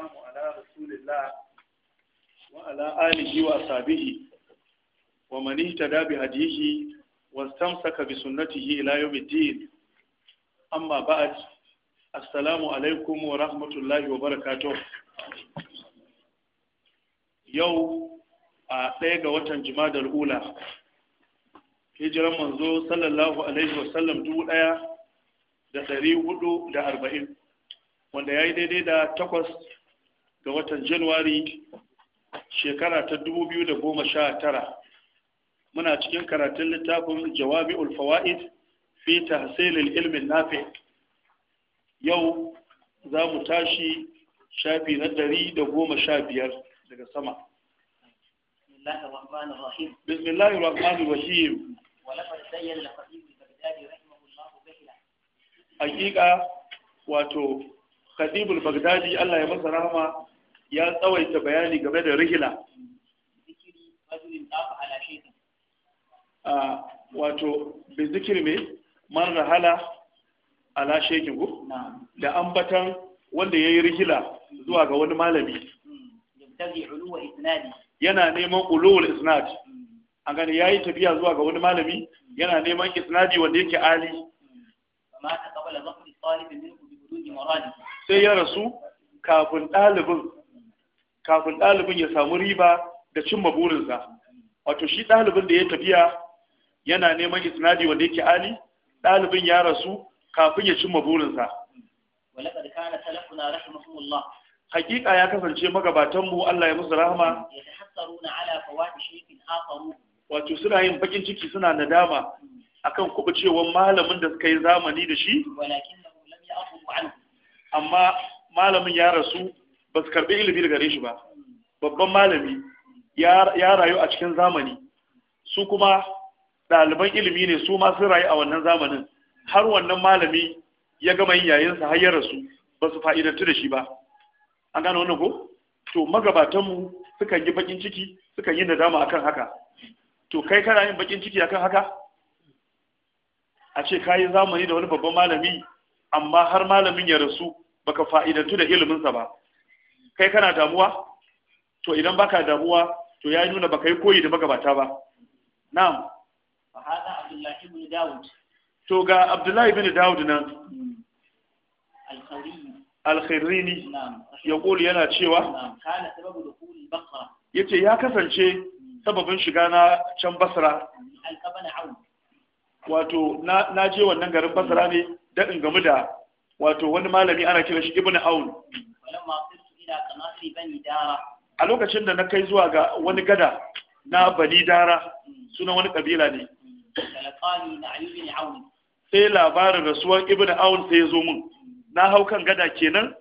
والسلام على رسول الله وعلى آله وأصحابه ومن اهتدى بهديه واستمسك بسنته إلى يوم الدين أما بعد السلام عليكم ورحمة الله وبركاته يوم ɗaya ga watan da ula hijiran manzo sallallahu alaihi wasallam dubu ɗaya da ɗari hudu da arba'in wanda ya yi daidai da takwas ga watan Januwari shekara ta 2019 muna cikin karatun littafin jawabi ulfawa'id fi tahsilil ilmin nafi yau za mu tashi shafi na 115 daga sama بسم الله الرحمن الرحيم ولقد زين الخطيب البغدادي رحمه الله بهلا حقيقه wato khadibul bagdadi Allah ya masa rahama ya tsawaita bayani game da rihila wato bi zikir me man ala shekin ku da ambatan wanda ya yi rihila zuwa ga wani malami yana neman ulowar isnad an gani ya yi tafiya zuwa ga wani malami yana neman isnadi wanda yake ali sai ya rasu kafin ɗalibin kafin ɗalibin ya samu riba da cimma burinsa wato shi ɗalibin da ya tafiya yana neman isnadi wanda yake ali ɗalibin ya rasu kafin ya cimma burinsa hakika ya kasance magabatanmu Allah ya musu rahama wato suna yin bakin ciki suna nadama akan kubucewan malamin da suka yi zamani da shi amma malamin ya rasu ba su karɓi ilimi daga gare shi ba babban malami ya rayu a cikin zamani su kuma ɗaliban ilimi ne su ma rayu a wannan zamanin har wannan malami ya gama yin yayinsa har ya rasu ba su fa'idantu da shi ba an gane wani ko to magabatanmu sukan yi bakin ciki sukan yi nadama akan haka to kai kana yin bakin ciki akan haka a ce kayi zamani da wani babban malami amma har malamin ya rasu baka fa'idantu da iliminsa ba kai kana damuwa to idan baka damuwa to ya nuna baka yi koyi da magabata ba na'am fahada abdullahi ibn daud to ga abdullahi ibn daud nan al ya kuli yana cewa yace ya kasance sababin shiga na can basra wato na je wannan garin basra ne daɗin gamu da wato wani malami ana kira shi ibn aun a lokacin da na kai zuwa ga wani gada na bani dara mm. sunan wani kabila ne mm. sai labarin rasuwar ibn aun sai ya zo mun mm. na hau kan gada kenan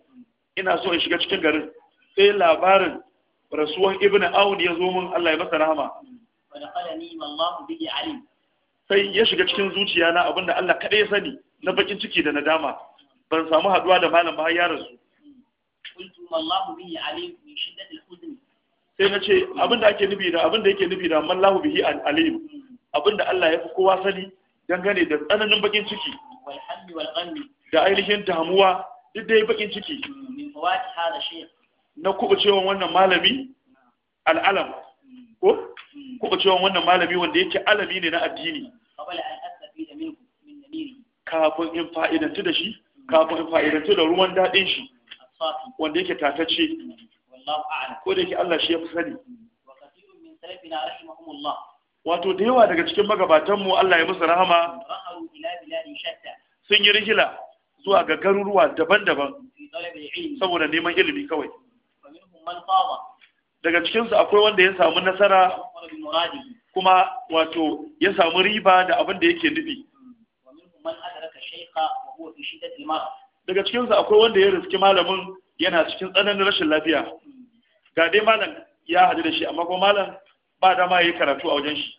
ina so in shiga cikin garin sai labarin rasuwar ibn aun ya zo mun Allah ya masa rahama sai ya shiga cikin zuciya na abinda Allah kaɗai ya sani na bakin ciki da nadama ban samu haduwa da malam ba har ya rasu qultu wallahu bihi alim min shiddati al-huzn sai nace abinda ake nufi da abinda yake nufi da Allahu bihi alim abinda Allah ya fi kowa sani dangane da tsananin bakin ciki da ainihin damuwa duk dai bakin ciki mm, na kubucewan wannan malami mm. al'alam mm. ko kubucewan wannan malami wanda yake alami ne na addini kafin in fa'idantu da shi kafin in fa'idantu da ruwan daɗin shi wanda yake tatacce ko da yake Allah shi ya fi sani wato da yawa daga cikin magabatanmu Allah ya musu rahama sun yi rigila zuwa ga garuruwa daban-daban saboda neman ilimi kawai daga cikinsu akwai wanda ya samu nasara kuma wato ya samu riba da abin da yake nufi daga cikinsu akwai wanda ya riski malamin yana cikin tsananin rashin lafiya ga dai malam ya haɗu da shi amma kuma malam ba dama ya yi karatu a wajen shi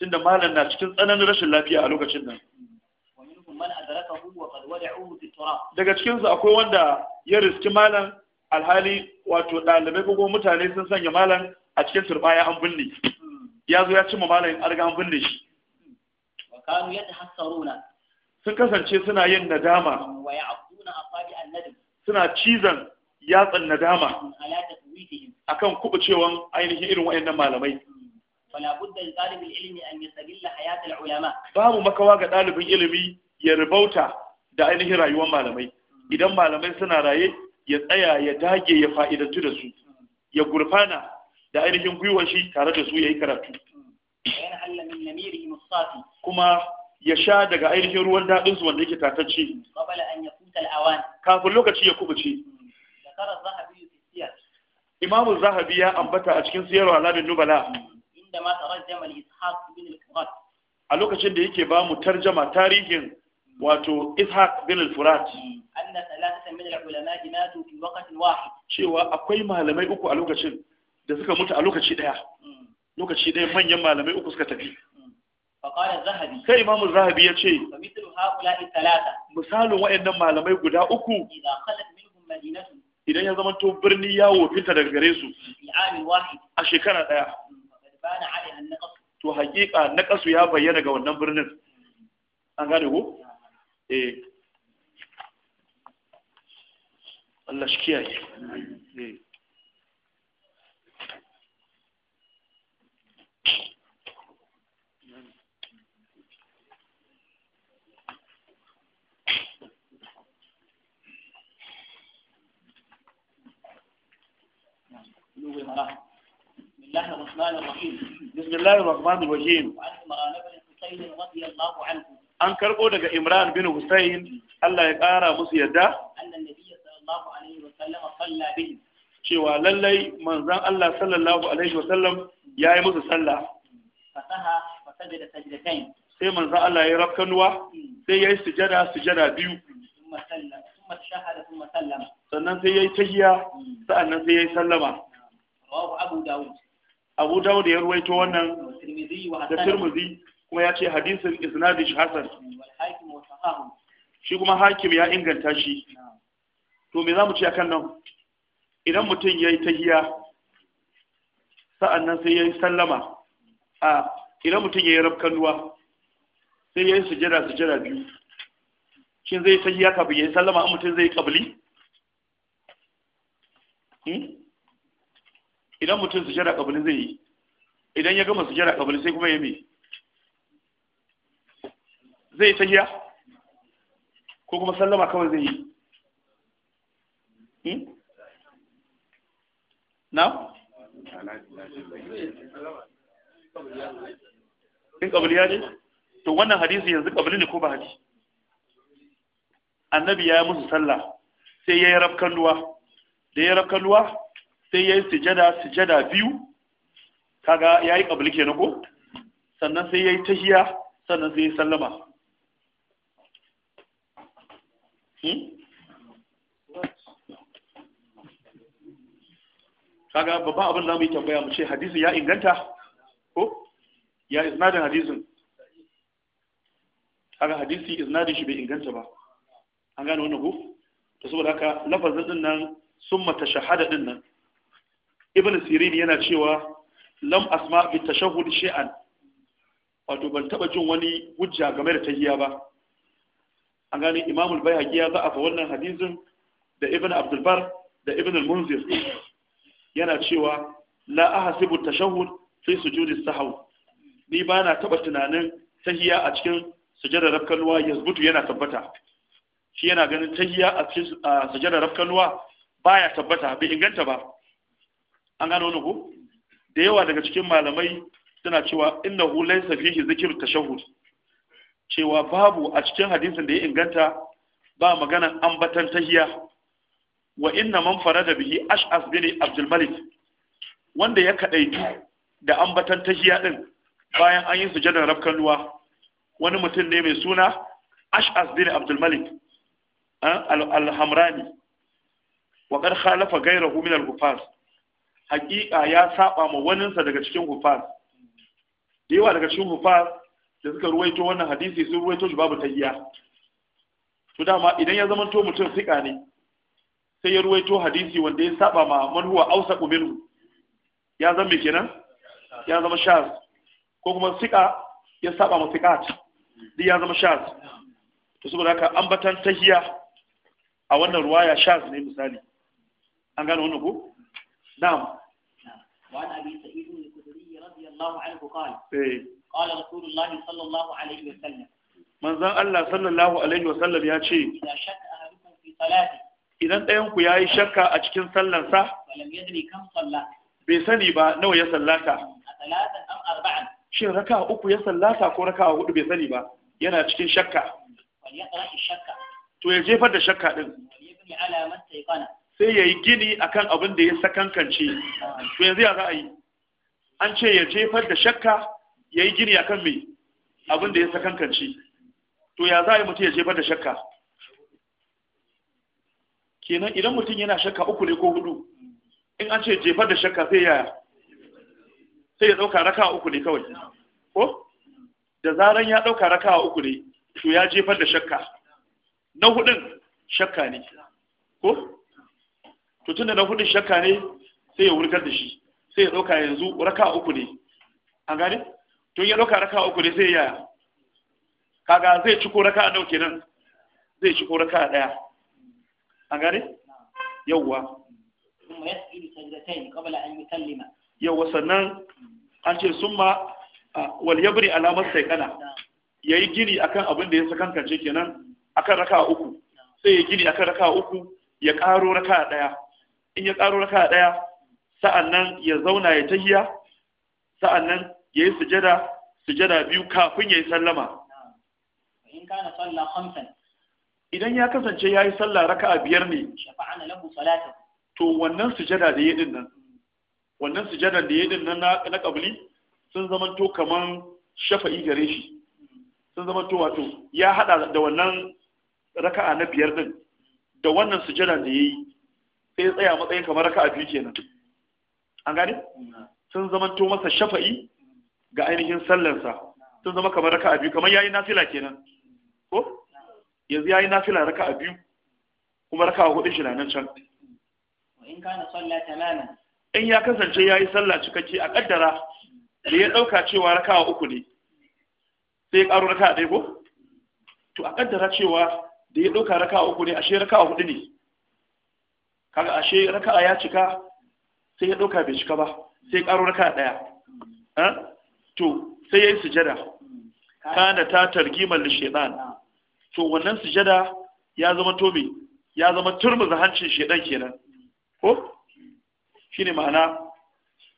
tunda malam na cikin tsananin rashin lafiya a lokacin nan daga cikinsu akwai wanda ya riski malam alhali wato ɗalibai ko mutane sun sanya malam a cikin turbaya an binne ya zo ya cimma malam an riga an binne shi sun kasance suna yin nadama suna cizon yatsan nadama akan kubucewan ainihin irin wa'annan malamai babu makawa ga ɗalibin ilimi ya ribauta da ainihin rayuwar malamai idan malamai suna raye ya tsaya ya dage ya fa'idantu da su ya gurfana da ainihin gwiwar shi tare da su ya yi karatu kuma ya sha daga ainihin ruwan daɗinsu wanda yake tatacce kafin lokaci ya kubuce imamu zahabi ya ambata a cikin siyarwa Labin nubala inda ma tarjama ishaq bin al-furat a lokacin da yake ba mu tarjama tarihin wato ishaq bin al-furat anna thalathatan min al-ulama matu fi waqtin wahid cewa akwai malamai uku a lokacin da suka mutu a lokaci daya lokaci daya manyan malamai uku suka tafi kai imamu zahabi ya ce misalin waɗannan malamai guda uku idan ya zama to birni ya wofinta daga gare su a shekara ɗaya to hakika na kasu ya bayyana ga wannan birnin an gane eh Allah shi kiyaye eh. بسم الله الرحمن الرحيم بسم الله الرحمن الرحيم وعن عمران بن حسين رضي الله عنه an karɓo daga Imran bin Hussein Allah ya ƙara musu yadda cewa lallai manzan Allah sallallahu alaihi wasallam ya yi musu sallah sai manzan Allah ya rafkanuwa sai ya yi sujada sujada biyu sannan sai ya yi tahiya sa'annan sai ya yi sallama abu dawud ya ruwaito wannan da tirmidhi kuma ya ce hadisin isnadish hasan shi kuma hakim ya inganta shi to me za mu ce akan nan idan mutum ya yi tahiya sa'an nan sai ya yi sallama a idan mutum ya yi rafkanuwa sai ya yi sujada sujada biyu shin zai tahiya kafin ya yi sallama an mutum zai kabli hmm? idan mutum su jira kabili zai yi idan ya gama su jira kabili sai kuma ya mi zai ta giya ko kuma sallama kawai zai yi hmm? na? in kabili ya ne? to wannan hadisi yanzu kabili ne ko ba hadi annabi ya yi musu sallah sai ya yi rafkan ruwa da ya yi rafkan ruwa sai ya yi sujada sujada biyu kaga ya yi ƙabli ke ko sannan sai ya yi tahiya sannan sai ya sallama hmm? kaga babban abin da mu yi tambaya mu ce hadisi ya inganta ko ya isnadin hadisin kaga hadisi isnadin shi bai inganta ba an gane wannan ko Ta saboda haka lafazin din nan mata shahada din nan ibn sirin yana cewa lam asma bi tashahhud shay'an wato ban taba jin wani hujja game da tahiyya ba an gane imam al-bayhaqi ya za'afa wannan hadisin da ibn abdul bar da ibn al-munzir yana cewa la ahasibu tashahhud fi sujudi sahw ni ba na taba tunanin tahiyya a cikin sujadar rafkanuwa yazbutu yana tabbata shi yana ganin tahiyya a cikin sujadar rafkanuwa baya tabbata bai inganta ba an gano ku da yawa daga cikin malamai suna cewa inna hu laysa fihi zikr tashahhud cewa babu a cikin hadisin da ya inganta ba maganan ambatan tahiya wa inna man farada bihi ash'as bin abdul malik wanda ya kadaitu da ambatan tahiya din bayan an yi sujadar rabkan ruwa wani mutum ne mai suna ash'as bin abdul malik eh, al-hamrani wa qad khalafa ghayrahu min al-hufaz hakika ya saba ma waninsa daga cikin hufaz da yawa daga cikin hufaz da suka ruwaito wannan hadisi sun ruwaito shi babu tayya to dama idan ya zama to mutum sika ne sai ya ruwaito hadisi wanda ya saba ma manhuwa ausa minhu ya zama kenan ya zama shaz ko kuma sika ya saba ma sikat duk ya zama shaz to saboda haka ambatan tahiya a wannan ruwaya shaz ne misali an gane wannan ko نعم وعن أبي سعيد الخدري رضي الله عنه قال قال رسول الله صلى الله عليه وسلم من ذا الله صلى الله عليه وسلم يا شيء إذا شك أهلكم في صلاته idan ɗayanku ya yi shakka a cikin sallansa bai sani ba nawa ya sallata shin raka uku ya sallata ko raka hudu bai sani ba yana cikin shakka to ya jefar da shakka din sai ya yi gini a kan abin da ya sakankanci to yanzu ya ra'ayi a yi an ce ya jefar da shakka ya yi gini a kan mai abin da ya sakankanci to ya za a yi mutum ya jefar da shakka kenan idan mutum yana shakka uku ne ko hudu in an ce jefar da shakka sai ya sai ya dauka raka uku ne kawai ko da zaran ya dauka raka uku ne to ya jefar da shakka na hudun shakka ne ko to tunda na hudu shakka ne sai ya wurgar da shi sai ya ɗauka yanzu raka uku ne an gane to ya ɗauka raka uku ne sai ya kaga zai ciko raka a ɗauke nan zai ciko raka ɗaya an gane yawwa yawwa sannan an ce sun ma wal yabri alamar sai kana ya yi gini akan abin da ya sakankance kenan akan raka uku sai ya gini akan raka uku ya ƙaro raka ɗaya in ya ƙaro raka ɗaya sa'annan ya zauna ya tahiya sa'annan ya yi sujada sujada biyu kafin ya yi sallama idan ya kasance ya yi sallah raka'a biyar ne to wannan sujada da ya nan wannan sujadan da ya nan na kabili sun zamanto kaman shafa'i gare shi sun zamanto wato ya hada da wannan raka'a na biyar din da wannan sujadan da ya yi sai ya tsaya matsayin kamar raka a biyu kenan an gane sun zamanto masa shafa'i ga ainihin sallansa sun zama kamar raka a biyu kamar yayi nafila kenan ko yanzu yayi nafila raka a biyu kuma raka a hudu shi na nan can in ya kasance yayi sallah cikakke a kaddara da ya dauka cewa raka a uku ne sai ya karo raka a ɗaya ko to a kaddara cewa da ya dauka raka a uku ne ashe raka a hudu ne kaga ashe raka'a ya cika sai ya ɗauka bai cika ba sai raka'a daya ɗaya to sai ya yi sujada kana ta targimar da shaidan to wannan sujada ya zama me ya zama turmuza hancin shaytan kenan ko shine ma'ana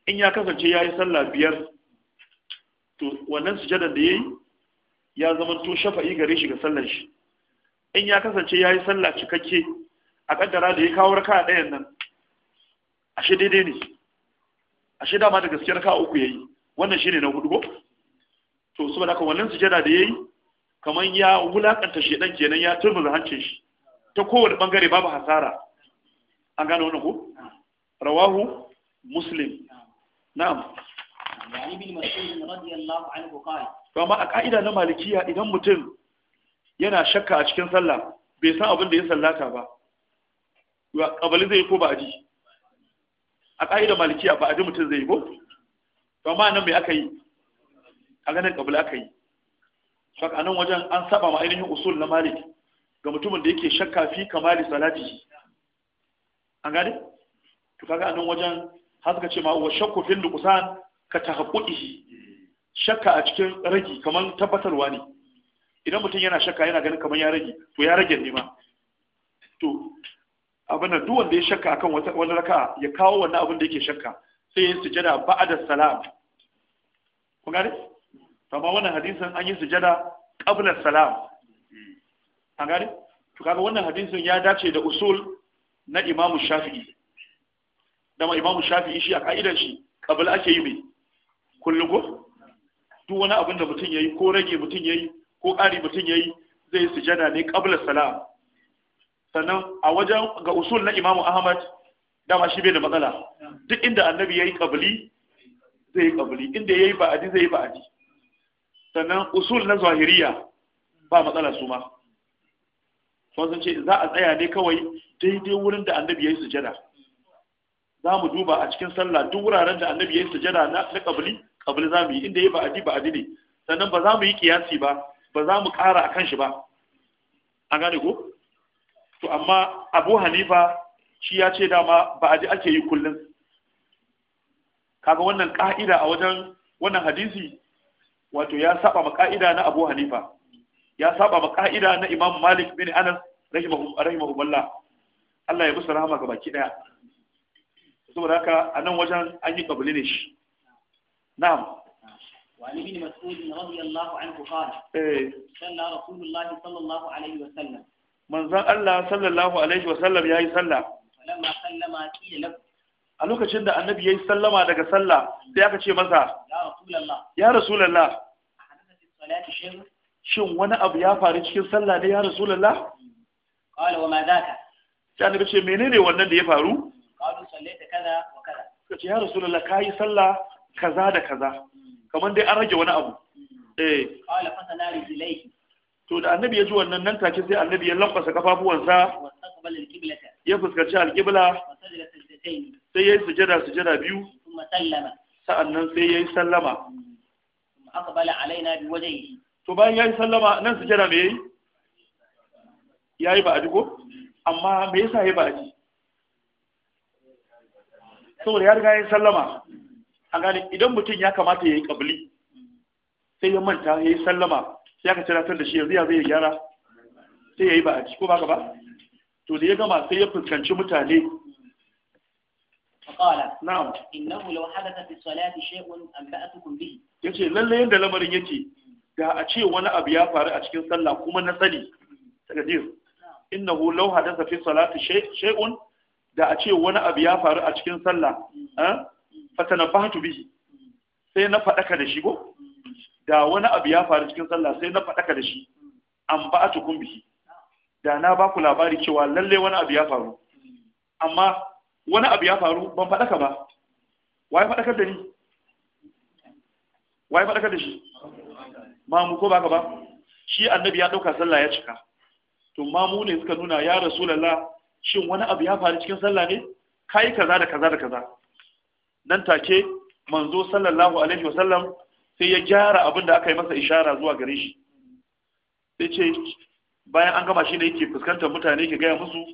in ya kasance ya yi sallah biyar to wannan sujada da ya ya zama to shafa'i gare shi ga sallar shi in ya kasance ya yi sallah cikakke a kaddara da ya kawo raka ɗayan nan ashe daidai ne ashe dama da gaske raka uku yayi wannan shine na hudu ko to saboda kawalin wannan jada da yayi kaman ya wulakanta shedan kenan ya turmuza hancin shi ta kowane bangare babu hasara an gano wannan ko rawahu muslim na'am yani bin mas'ud radiyallahu anhu qala to a ka'ida na malikiya idan mutum yana shakka a cikin sallah bai san abin da ya sallata ba kabali zai yi ko ba'adi a ƙa'idar malikiya ji mutum zai yi ko to amma nan mai aka yi a ganin kabali aka yi saka anan wajen an saba ma ainihin usul na malik ga mutumin da yake shakka fi kamali salati an gane to kaga anan wajen har suka ce ma wa shakku fil nuqsan ka tahaqqi shakka a cikin ragi kaman tabbatarwa ne idan mutum yana shakka yana ganin kaman ya rage to ya rage ne ma to abin nan duk wanda ya shakka akan wata wani raka ya kawo wannan abin da yake shakka sai yin sujada ba'da salam kun gane amma wannan hadisin an yi sujada qabla salam an gane to kaga wannan hadisin ya dace da usul na Imam Shafi'i dama Imam Shafi'i shi a ka'idar shi qabla ake yi mai kullugo duk wani abin da mutum yayi ko rage mutum yayi ko ƙari mutum yayi zai sujada ne qabla salam sannan a wajen ga usul na imamu ahmad dama shi bai da matsala duk inda annabi ya yi ƙabili zai yi ƙabili inda ya yi ba'adi zai yi ba'adi sannan usul na zahiriya ba matsala su ma sun ce za a tsaya ne kawai daidai wurin da annabi ya yi sujada za mu duba a cikin sallah duk wuraren da annabi ya yi sujada na ƙabili ƙabili za mu yi inda ya yi ba'adi ba'adi ne sannan ba za mu yi kiyasi ba ba za mu ƙara a kan shi ba a gane ko to amma abu hanifa shi ya ce dama ba a ji ake yi kullum kaga wannan ka'ida a wajen wannan hadisi wato ya saba ma ka'ida na abu hanifa ya saba ma ka'ida na imam malik bin anas rahimahu Allah ya musu rahama ga baki daya saboda haka a nan wajen an yi kabili ne shi na'am وعن ابن مسعود رضي الله عنه قال صلى رسول الله صلى الله عليه وسلم manzan Allah sallallahu alaihi wa sallam yi sallah a lokacin da annabi yi sallama daga sallah sai aka ce masa ya lalla. shin wani abu ya faru cikin sallah ne ya rasulullah Kawai wa ma ka. sai annabi ce ne wannan da ya faru qalu da kaza wa kaza kace ya ka yi sallah kaza da kaza hmm. kamar dai an rage wani abu hmm. eh qala fa sanari ilayhi to da annabi ya ji wannan nan take sai annabi ya lankwasa kafafuwansa ya fuskanci alƙibla sai ya yi sujada sujada biyu sa'annan sai ya yi sallama to bayan ya yi sallama nan sujada me yayi ya yi ba'adi ko amma me yasa ya ba'adi saboda ya riga ya yi sallama a gane idan mutum ya kamata ya yi ƙabli sai ya manta ya yi sallama sai aka tunatar da shi yanzu ya zai gyara sai ya yi ba a ciko ko ba ba to da ya gama sai ya fuskanci mutane فقال نعم إنه لو حدث في الصلاة شيء أنبأتكم به yace lalle yanda lamarin yake da a ce wani abu ya faru a cikin sallah kuma na sani takdir innahu law hadatha fi salati shay'un da a ce wani abu ya faru a cikin sallah eh mm. fatanabahtu bihi mm. sai na faɗaka da shi ko mm. da wani abu ya faru cikin sallah sai na faɗaka da shi an ba a tukun bihi da na ba ku labari cewa lalle wani abu ya faru amma wani abu ya faru ban faɗaka ba waye faɗakar da ni waye faɗakar da shi mamu ko baka ba shi annabi ya ɗauka sallah ya cika to mamu ne suka nuna ya rasulullah shin wani abu ya faru cikin sallah ne kai kaza da kaza da kaza nan take manzo sallallahu alaihi wasallam sai ya gyara abin da aka yi masa ishara zuwa gare shi sai ce bayan an gama shi ne yake fuskantar mutane ke gaya musu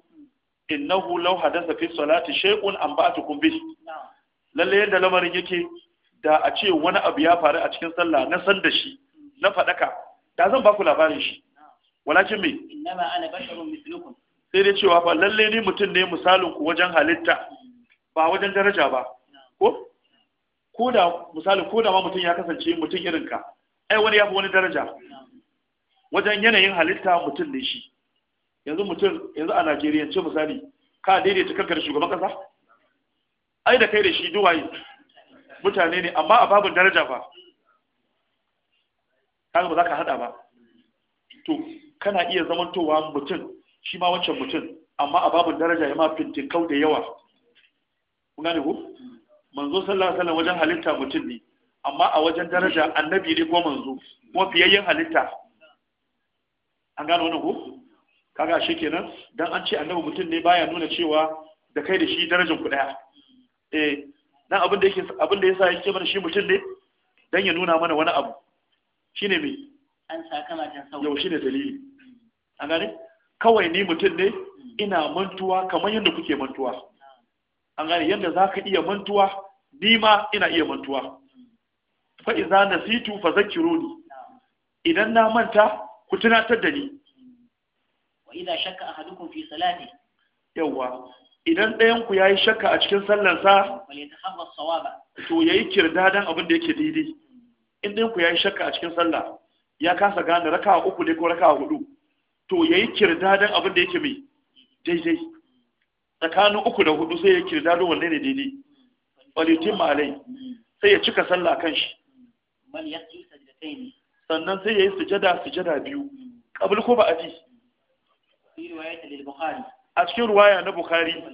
innahu law hadasa fi salati shay'un an ba'atukum bi lalle yadda lamarin yake da a ce wani abu ya faru a cikin sallah na san da shi na fadaka da zan ba ku labarin shi walakin me innama ana basharun mithlukum sai dai cewa fa lalle ni mutum ne misalin ku wajen halitta ba wajen daraja ba ko ko da misali ko da ma mutum ya kasance mutum irin ka ai wani ya fi wani daraja wajen yanayin halitta mutum ne shi yanzu mutum yanzu a Najeriya, ce misali ka daidaita kanka da shugaban kasa ai da kai da shi duwaye mutane ne amma a babu daraja ba kaga ba za ka hada ba to kana iya zamantowa mutum shi ma wancan mutum amma a babu daraja ya ma kau da yawa kun gane ko manzo sallallahu alaihi wasallam wajen halitta mutum ne amma a wajen daraja annabi ne ko manzo kuma fiyayyen halitta an gano wannan ko kaga shikenan dan an ce annabi mutum ne baya nuna cewa da kai da shi darajar ku daya eh dan abin da yake abin da yasa yake mana shi mutum ne dan ya nuna mana wani abu shine me an saka majan sauki yau shine dalili an gane kawai ni mutum ne ina mantuwa kamar yadda kuke mantuwa an gane yadda za ka iya mantuwa ni ma ina iya mantuwa fa iza situ fa roni idan na manta ku tunatar da ni wa idza shakka ahadukum fi salati yawa idan ɗayan ku yayi shakka a cikin sallar sa to yayi don abin da yake daidai in ɗayan ku yayi shakka a cikin sallah ya kasa gane raka'a uku ne ko raka'a hudu to yayi don abin da yake mai daidai tsakanin uku da hudu sai ya kirdado wanne ne daidai walitin malai sai ya cika sallah kan shi sannan sai ya yi sujada sujada biyu kabul ko ba a ji a cikin ruwaya na bukari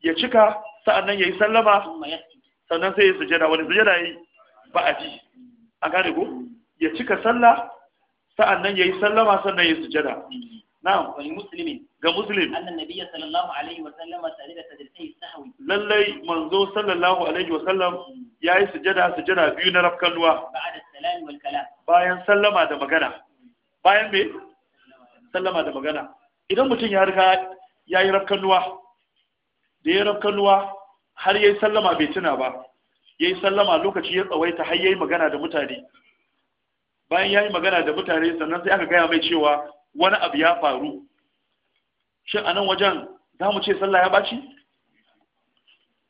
ya cika sa'annan ya yi sallama sannan sai ya sujada wani sujada ya yi ba a ji a gane ko ya cika sallah sa'annan ya yi sallama sannan ya yi sujada na'am wal muslimin ga muslim annan nabiyyi sallallahu alaihi wa sallam sajada sajdatay sahwi lallai manzo sallallahu alaihi wa sallam yayi sujada sujada biyu na rafkan nuwa ba'da salam wal kalam bayan sallama da magana bayan me sallama da magana idan mutum ya riga yayi rafkan nuwa da ya rafkan nuwa har ya yi sallama bai tuna ba ya yi sallama lokaci ya tsawaita har ya yi magana da mutane bayan ya yi magana da mutane sannan sai aka gaya mai cewa wani abu ya faru shin a nan wajen za mu ce sallah ya ɓaci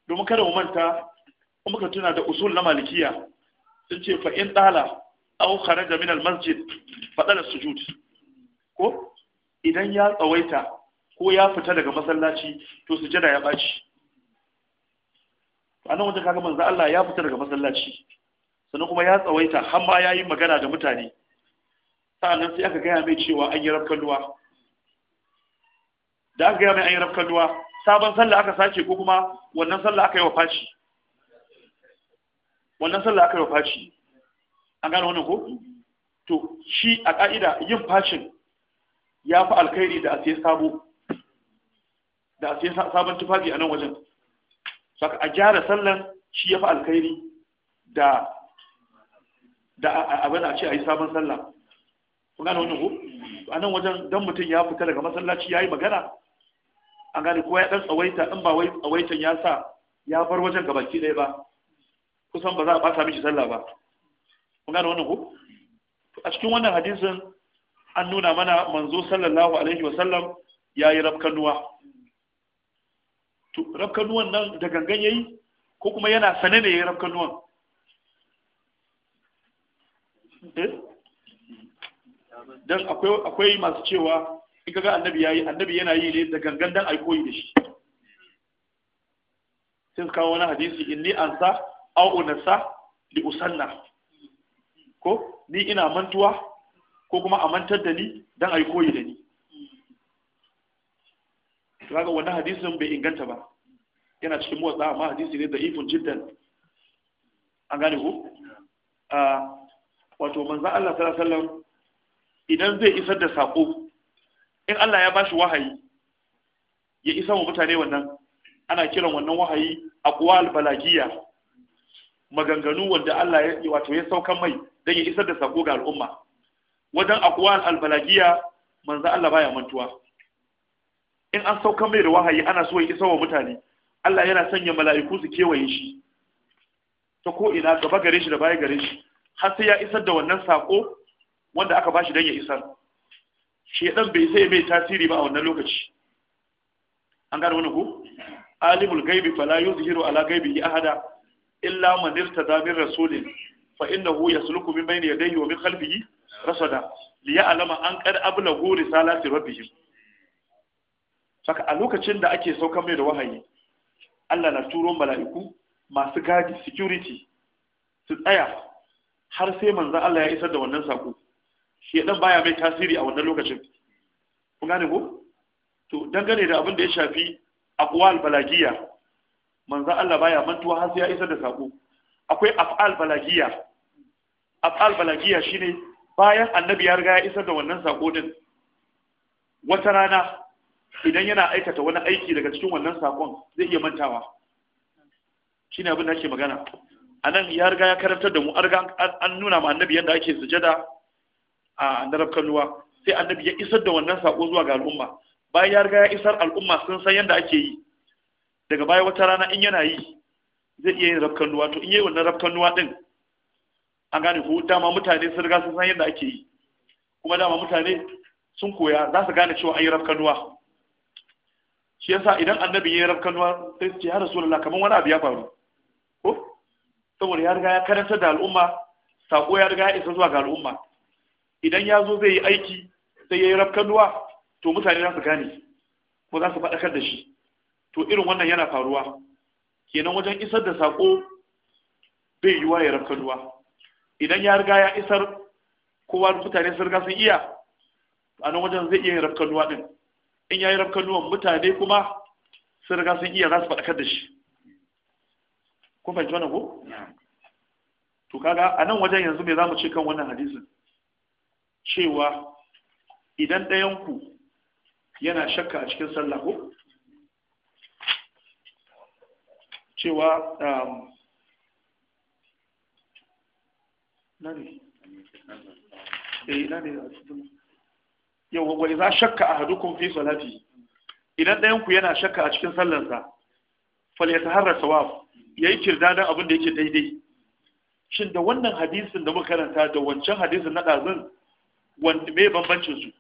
domin kada mu manta in ka tuna da usul na malikiya sun ce fa’in ɗala dala aw da min masjid fa dala sujud ko idan ya tsawaita ko ya fita daga masallaci to su jada ya ɓaci a nan wajen kaga manzo Allah ya fita daga masallaci sannan kuma ya tsawaita har ma yi magana da mutane sa'annan sai aka gaya mai cewa an yi rafkan duwa, da aka gaya mai an yi rafkan duwa, sabon sallah aka sake ko kuma wannan sallah aka yi wa fashi wannan sallah aka yi wa fashi an gane wannan ko to shi a ka'ida yin fashin ya fi alkhairi da a sabo da asiyar sabon tufafi a nan wajen saka a gyara sallan shi ya fi alkhairi da da abin a ce a yi sabon sallah kun gane wannan ko to anan wajen dan mutum ya fita daga masallaci yayi magana an gane kowa ya dan tsawaita in ba wai tsawaitan ya sa ya bar wajen gabaki ɗaya ba kusan ba za a ɓata miki sallah ba kun gane wannan ko a cikin wannan hadisin an nuna mana manzo sallallahu alaihi wasallam ya yi rafkanuwa rafkanuwan nan da gangan yayi ko kuma yana sane ne ya yi rafkanuwan eh dan akwai akwai masu cewa in kaga annabi yayi annabi yana yi ne da gangan dan ai koyi da shi sai kawo wani hadisi inni ansa aw unsa li usanna ko ni ina mantuwa ko kuma a mantar da ni dan ai koyi da ni kaga wannan hadisin bai inganta ba yana cikin motsa amma hadisi ne da ifun jiddan an gane ku ah, wato manzo Allah sallallahu alaihi wasallam idan zai isar da saƙo in Allah ya bashi wahayi ya isa wa mutane wannan ana kiran wannan wahayi aqwal balagiya maganganu wanda Allah ya wato ya saukan mai dan ya isar da saƙo ga al'umma wajen aqwal albalagiya manzo Allah baya mantuwa in an saukan mai da wahayi ana so ya isar wa mutane Allah yana sanya mala'iku su kewaye shi ta ko ina gaba gare shi da baya gare shi har sai ya isar da wannan saƙo. wanda aka bashi dan ya isar shedan bai sai mai tasiri ba a wannan lokaci an gane wani ku alimul gaibi la yuzhiru ala gaibihi ahada illa man irtada min rasulin fa innahu yasluku min bayni yadayhi wa min khalfihi rasada li ya'lama an qad ablagu risalati rabbihim saka a lokacin da ake saukar mai da wahayi Allah na turo mala'iku masu gadi security su tsaya har sai manzo Allah ya isar da wannan sako Shi ɗan baya mai tasiri a wannan lokacin kun gane ko to dangane da abin da ya shafi aqwal balagiya manzo Allah baya mantuwa har sai ya isar da sako akwai af'al balagiya af'al balagiya shine bayan annabi ya riga ya isar da wannan sako din wata rana idan yana aikata wani aiki daga cikin wannan sakon zai iya mantawa shine abin da ake magana anan ya riga ya karantar da mu an nuna ma annabi yadda ake sujada a na rafkanuwa sai annabi ya isar da wannan sako zuwa ga al'umma bayan ya riga ya isar al'umma sun san yadda ake yi daga baya wata rana in yana yi zai iya yin rafkanuwa to in yi wannan rafkanuwa din an gane ko dama mutane sun riga sun san yadda ake yi kuma dama mutane sun koya za su gane cewa an yi rafkanuwa shi yasa idan annabi ya yi rafkanuwa sai su ce ya rasulullah kamar wani abu ya faru ko saboda ya riga ya karanta da al'umma sako ya riga ya isa zuwa ga al'umma idan ya zo zai yi aiki sai ya yi rafkanuwa to mutane za su gane ko za su faɗakar da shi to irin wannan yana faruwa kenan wajen isar da saƙo bai yiwa ya rafkanuwa idan ya riga ya isar kowa mutane sun riga sun iya a nan wajen zai iya yin rafkanuwa din in ya yi rafkanuwan mutane kuma sun riga sun iya za su faɗakar da shi kun fahimci wannan ko to kaga a nan wajen yanzu me za mu ce kan wannan hadisin cewa idan ɗayanku yana shakka a cikin sallah ko cewa nani wani za shakka a idza fi salati idan ɗayan ku yana shakka a cikin sallarsa falyataharra Ya yi kirdadan abin da yake daidai shin da wannan hadisin da muka karanta da wancan hadisin na ɗazin wanda me bambancin su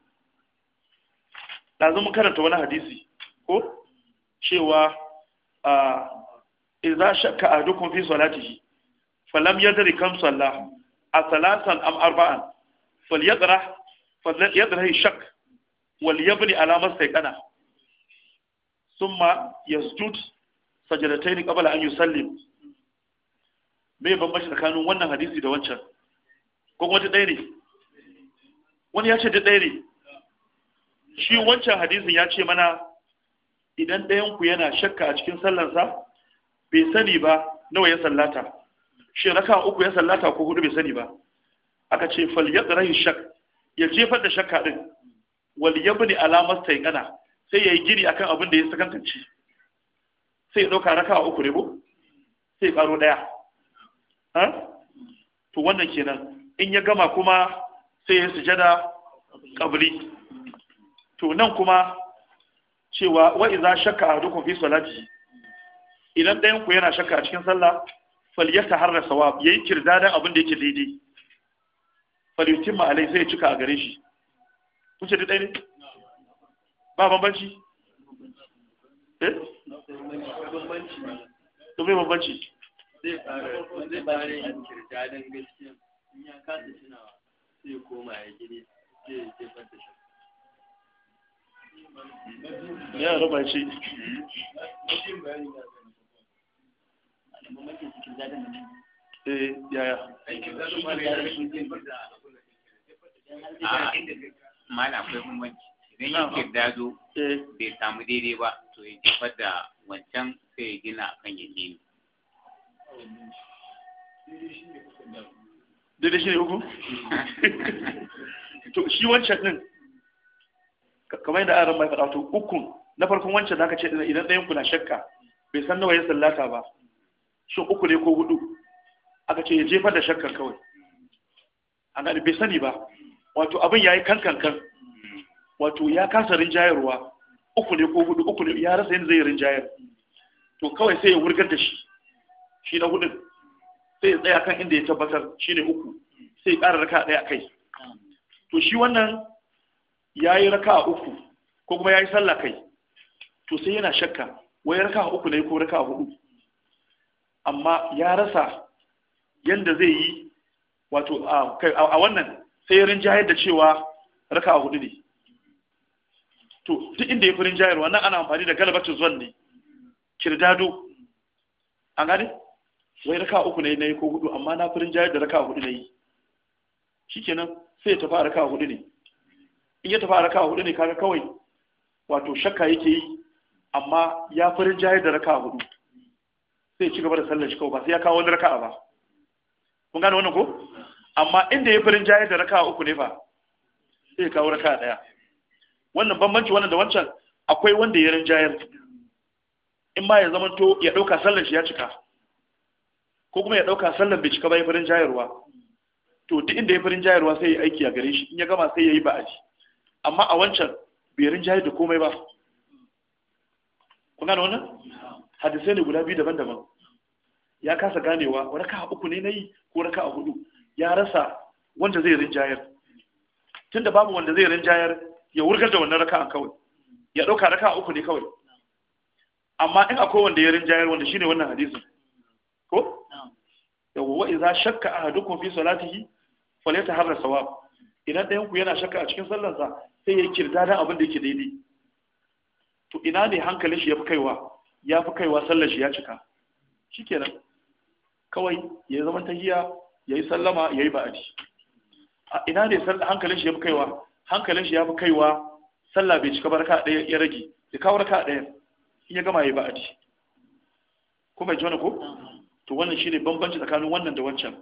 lazim karanta wani hadisi ko cewa a idza shakka ahadukum fi salatihi falam yadri kam salla a salatan am arba'an falyadrah falyadrah shakk wal yabni ala mastaqana thumma yasjud sajadatayn qabla an yusallim me bambanci tsakanin wannan hadisi da wancan ko kuma ta ɗaya ne wani ya ce duk ɗaya ne shi wancan hadisin ya ce mana idan ɗayan ku yana shakka a cikin sallansa bai sani ba nawa ya sallata shi raka uku ya sallata ko hudu bai sani ba aka ce fal yadrahi shak ya jefar da shakka ɗin wal ne alamar ƙana, sai ya gini a akan abin da ya sakantance sai ya ɗauka raka uku ne sai ya ɗaya. to wannan kenan in ya gama kuma sai ya sujada kabri to nan kuma cewa wa idza shakka ahadukum fi salati idan ɗayan ku yana shakka a cikin sallah falyataharra sawab yayi kirdadan abin da yake daidai falyutimma alai sai ya cika a gare shi kun ce dai ne ba bambanci eh to me bambanci zai fara zai fara kirdadan gaskiya in ya kasa tunawa sai koma ya gini sai ya jefar da shi ya raba shi eh yaya ah, mana akwai bambanci idan yankin dado eh. bai samu daidai ba to ya jefar da wancan sai ya gina akan yakini daidai shi ne uku to shi wancan din kamar yadda aran mai faɗa to uku na farkon wancan da aka ce idan ɗayan ku na shakka bai san nawa ya sallata ba shi uku ne ko hudu aka ce ya jefar da shakka kawai an gani bai sani ba wato abin ya yi kankankan wato ya kasa rinjayarwa uku ne ko hudu uku ne ya rasa yin zai rinjayar to kawai sai ya wurgar da shi shi na hudun sai tsaya kan inda ya tabbatar shine uku sai ƙara raka ɗaya kai to shi wannan ya yi raka uku ko kuma ya yi sallah kai to sai yana shakka wai raka uku ne ko raka hudu amma ya rasa yanda zai yi wato a wannan sai ya rinjayar da cewa raka hudu ne to duk inda ya fi rinjayar wannan ana amfani da galibacin zuwan ne kirdado an gani wai raka uku ne na yi ko hudu amma na furin jayar da raka hudu na yi shikenan sai ta tafi a raka hudu ne in ya tafi a raka hudu ne kaga kawai wato shakka yake yi amma ya furin jayar da raka hudu sai ci gaba da sallar shi kawai ba sai ya kawo wani raka'a ba kun gane wannan ko amma inda ya furin jayar da raka uku ne ba sai ya kawo raka daya wannan bambanci wannan da wancan akwai wanda ya rinjayar in ma ya zamanto ya ɗauka sallar shi ya cika ko kuma ya ɗauka sallan bai cika ba ya farin jayarwa to duk inda ya farin jayarwa sai ya aiki a gare shi in ya gama sai ya yi ba'aji amma a wancan bai jayar da komai ba kun gane wannan hadisai ne guda biyu daban-daban ya kasa ganewa wani ka uku ne na yi ko raka a hudu ya rasa wanda zai rin jayar. tunda babu wanda zai rin jayar, ya wurgar da wannan raka'an kawai ya ɗauka raka uku ne kawai amma in akwai wanda ya rin jayar wanda shine wannan hadisin ko yawa wa idza shakka ahadukum fi salatihi harra sawab idan ɗayan ku yana shakka a cikin sallarsa sai ya kirda don abin da yake daidai to ina ne hankalin shi yafi kaiwa yafi kaiwa sallar shi ya cika shikenan kawai ya zama ya yayi sallama yayi ba'adi a ina ne hankalin shi yafi kaiwa hankalin shi yafi kaiwa sallah bai cika barka ɗaya ya rage ya kawo raka ɗaya ya gama yayi ba'adi kuma ji wani ko to wannan shine bambanci tsakanin wannan da wancan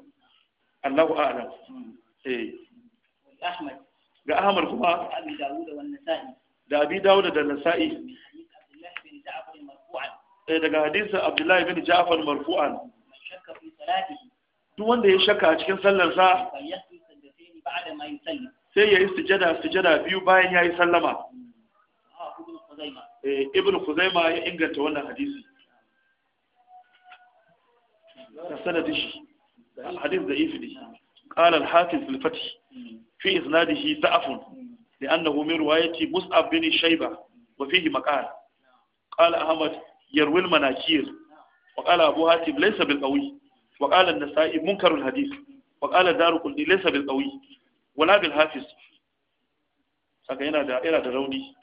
Allahu a'lam eh ga Ahmad kuma da Abi Dawud da Nasa'i da daga hadisin Abdullahi bin Ja'far marfu'an eh, duk wanda ya shakka a cikin sallarsa sai ya yi sujada sujada biyu bayan ya yi sallama ibn Khuzaima eh, ya inganta wannan hadisi da sanadin shi hadith da ifni qala al-hafiz fil fath fi isnadihi da'afun li'annahu min riwayati mus'ab bin shayba wa fihi maqal ahmad yarwi al-manakir wa qala abu hatim laysa bil qawi wa qala an-nasa'i munkar wala hafiz saka yana da yana da rauni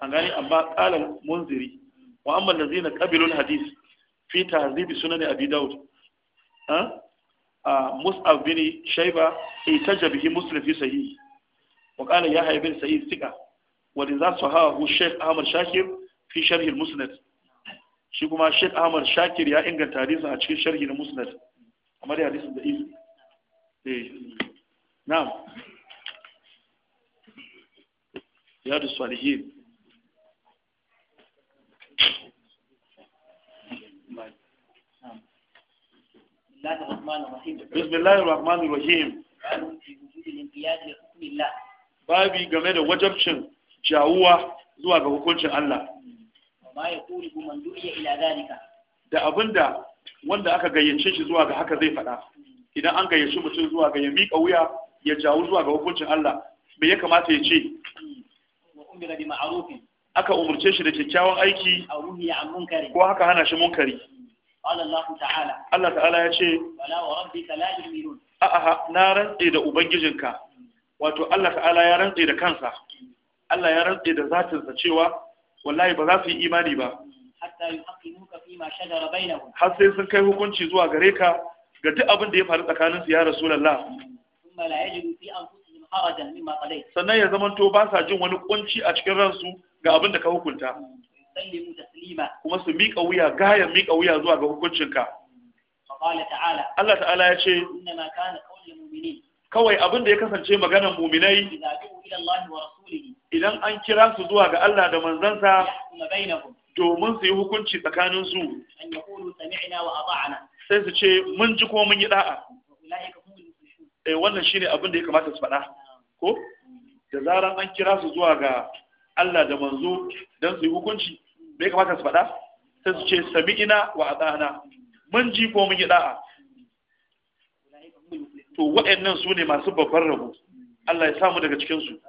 an gani amma qala munziri wa amma allazina qabilu al fi tahzibi sunan abi daud mus'ab bin shayba itaja bihi muslim fi sahih wa qala hayy bin sa'id thiqa wa lidha hu shaykh ahmad shakir fi sharh al-musnad shi kuma shaykh ahmad shakir ya inganta hadisin a cikin sharhi na musnad amma ya hadisi da izi eh na'am ya da salihin بسم الله الرحمن الرحيم بابي game da wajabcin jawuwa zuwa ga hukuncin Allah da abinda wanda aka gayyace shi zuwa ga haka zai faɗa idan an gayyace mutum zuwa ga yami kauya wuya ya jawo zuwa ga hukuncin Allah me ya kamata ya ce aka umurce shi da kyakkyawan aiki ko haka hana shi munkari Allah ta'ala ya ce a'a na rantse da ubangijinka wato Allah ta'ala ya rantse da kansa Allah ya rantse da zatinsa cewa wallahi ba za su yi imani ba har sai sun kai hukunci zuwa gare ka ga duk abin da ya faru tsakanin su ya rasulullah sannan ya zamanto ba sa jin wani kunci a cikin ransu ga abin da ka hukunta ويسلموا تسليما كما سميك أويا غاية ميك أويا زوا بحكمك فقال تعالى الله تعالى يشي إنما كان قول المؤمنين kawai abin da ya kasance maganan muminai idan an kira su zuwa ga Allah da manzansa domin su yi hukunci tsakanin su sai su ce mun ji ko mun yi da'a eh wannan shine abin da ya kamata su faɗa ko da zaran an kira su zuwa ga Allah da manzo don su yi hukunci bai kamata su faɗa sai su ce ina wa adana mun ji ko mun yi da'a to waɗannan su ne masu babban rabo Allah ya samu daga cikin su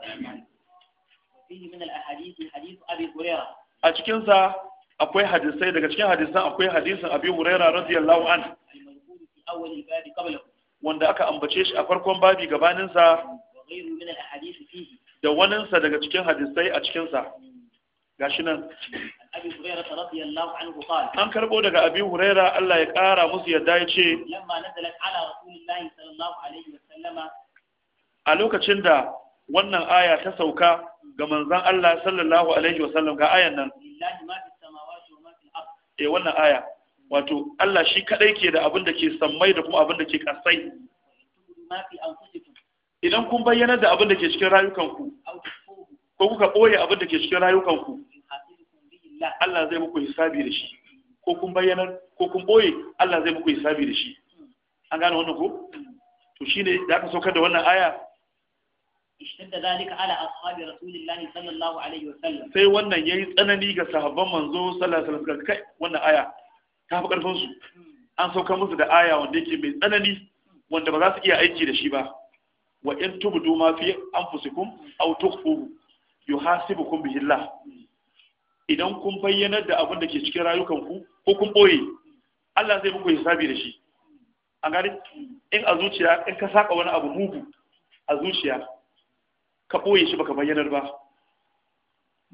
a cikin sa akwai hadisai daga cikin hadisan akwai hadisin Abi huraira radiyallahu an wanda aka ambace shi a farkon babi gabanin sa da waninsa daga cikin hadisai a cikin sa gashi nan An هريرة daga الله عنه Allah ya كربو musu أبي ya الله يقارى مسي يدايشي wannan aya ta sauka ga manzon Allah sallallahu alaihi wasallam ga ayan nan lillahi ma samawati wa ma ard eh wannan aya wato Allah shi kadai ke da abin da ke sammai da kuma abin da ke kasai idan kun bayyana da abin da ke cikin rayukanku ko kuka boye abin da ke cikin rayukanku Allah zai muku hisabi da shi ko kun bayyanar ko kun boye Allah zai muku hisabi da shi an gane wannan ko to shine da aka saukar da wannan aya ishtadda zalika ala ashabi rasulillahi sallallahu alaihi wasallam sai wannan yayi tsanani ga sahabban manzo sallallahu alaihi wasallam kai wannan aya ta fi karfin su an saukar musu da aya wanda yake mai tsanani wanda ba za su iya aiki da shi ba wa in tubdu ma fi anfusikum aw tukhfu yuhasibukum bihi Allah idan kun bayyanar da abin da ke cikin rayukanku ko kun boye Allah zai muku hisabi da shi an gani in a zuciya in ka saka wani abu mugu a zuciya ka boye shi baka bayyanar ba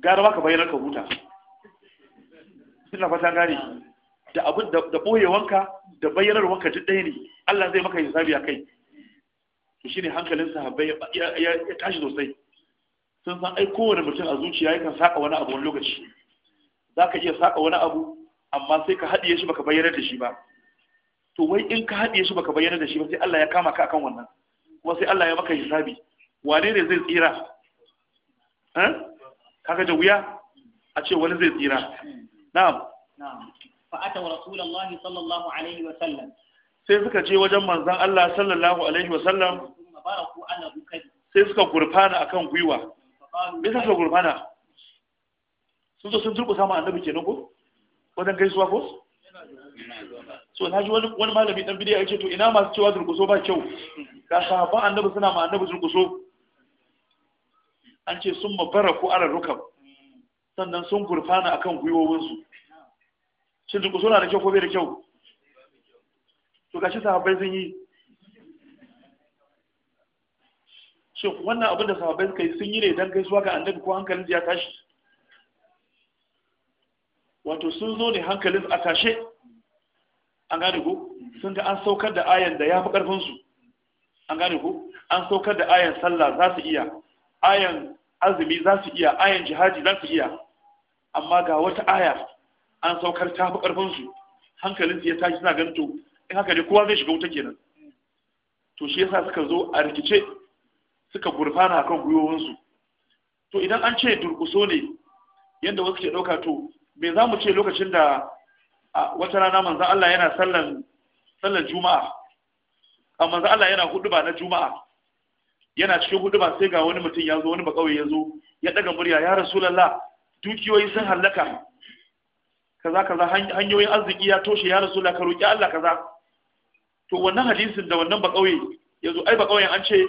gara ba ka bayyanar ka huta ina fata gane da abin da boyewanka da wanka duk ɗaya ne Allah zai maka hisabi a kai to shine hankalin sahabbai ya tashi sosai sun san ai kowane mutum a zuciya yakan saka wani abu wani lokaci za ka iya saƙa wani abu amma sai ka haɗiye shi baka bayyana da shi ba to wai in ka haɗiye shi baka bayyana da shi ba sai Allah ya kama ka akan wannan kuma sai Allah ya maka hisabi wane ne zai tsira kaga da wuya a ce wani zai tsira na'am fa ata wa rasulullahi sallallahu alaihi wa sallam sai suka je wajen manzon Allah sallallahu alaihi wa sallam sai suka gurfana akan gwiwa me suka gurfana sun zo sun durƙusa ma annabi kenan ko wajen gaisuwa ko so na ji wani malami dan bidiya ce to ina masu cewa durƙuso ba kyau ga sahabban annabi suna ma annabi durƙuso an ce sun mabara ko ala rukab sannan sun gurfana akan gwiwowinsu shin durƙuso na da kyau ko bai da kyau to gashi sahabbai sun yi shin wannan abin da sahabbai suka yi sun yi ne don gaisuwa ga annabi ko hankalin ya tashi wato sun zo ne hankalin a tashe an gane ku sun ga an saukar da ayan da ya fi ƙarfinsu an gane ku an saukar da ayan sallah za su iya ayan azumi za su iya ayan jihadi za su iya amma ga wata aya an saukar ta fi ƙarfinsu hankalinsu ya tashi suna ganin to in haka ne kowa zai shiga wuta kenan to shi yasa suka zo a rikice suka gurfana kan gwiwowinsu to idan an ce durƙuso ne yadda wasu ke ɗauka to me za mu ce lokacin da wata rana manzan Allah yana sallan sallan juma'a a manzan Allah yana huduba na juma'a yana cikin huduba sai ga wani mutum ya zo wani bakawai ya zo ya daga murya ya rasulallah dukiyoyi sun hallaka kaza kaza hanyoyin arziki ya toshe ya rasulallah ka roki Allah kaza to wannan hadisin da wannan bakawai ya zo ai bakawayen an ce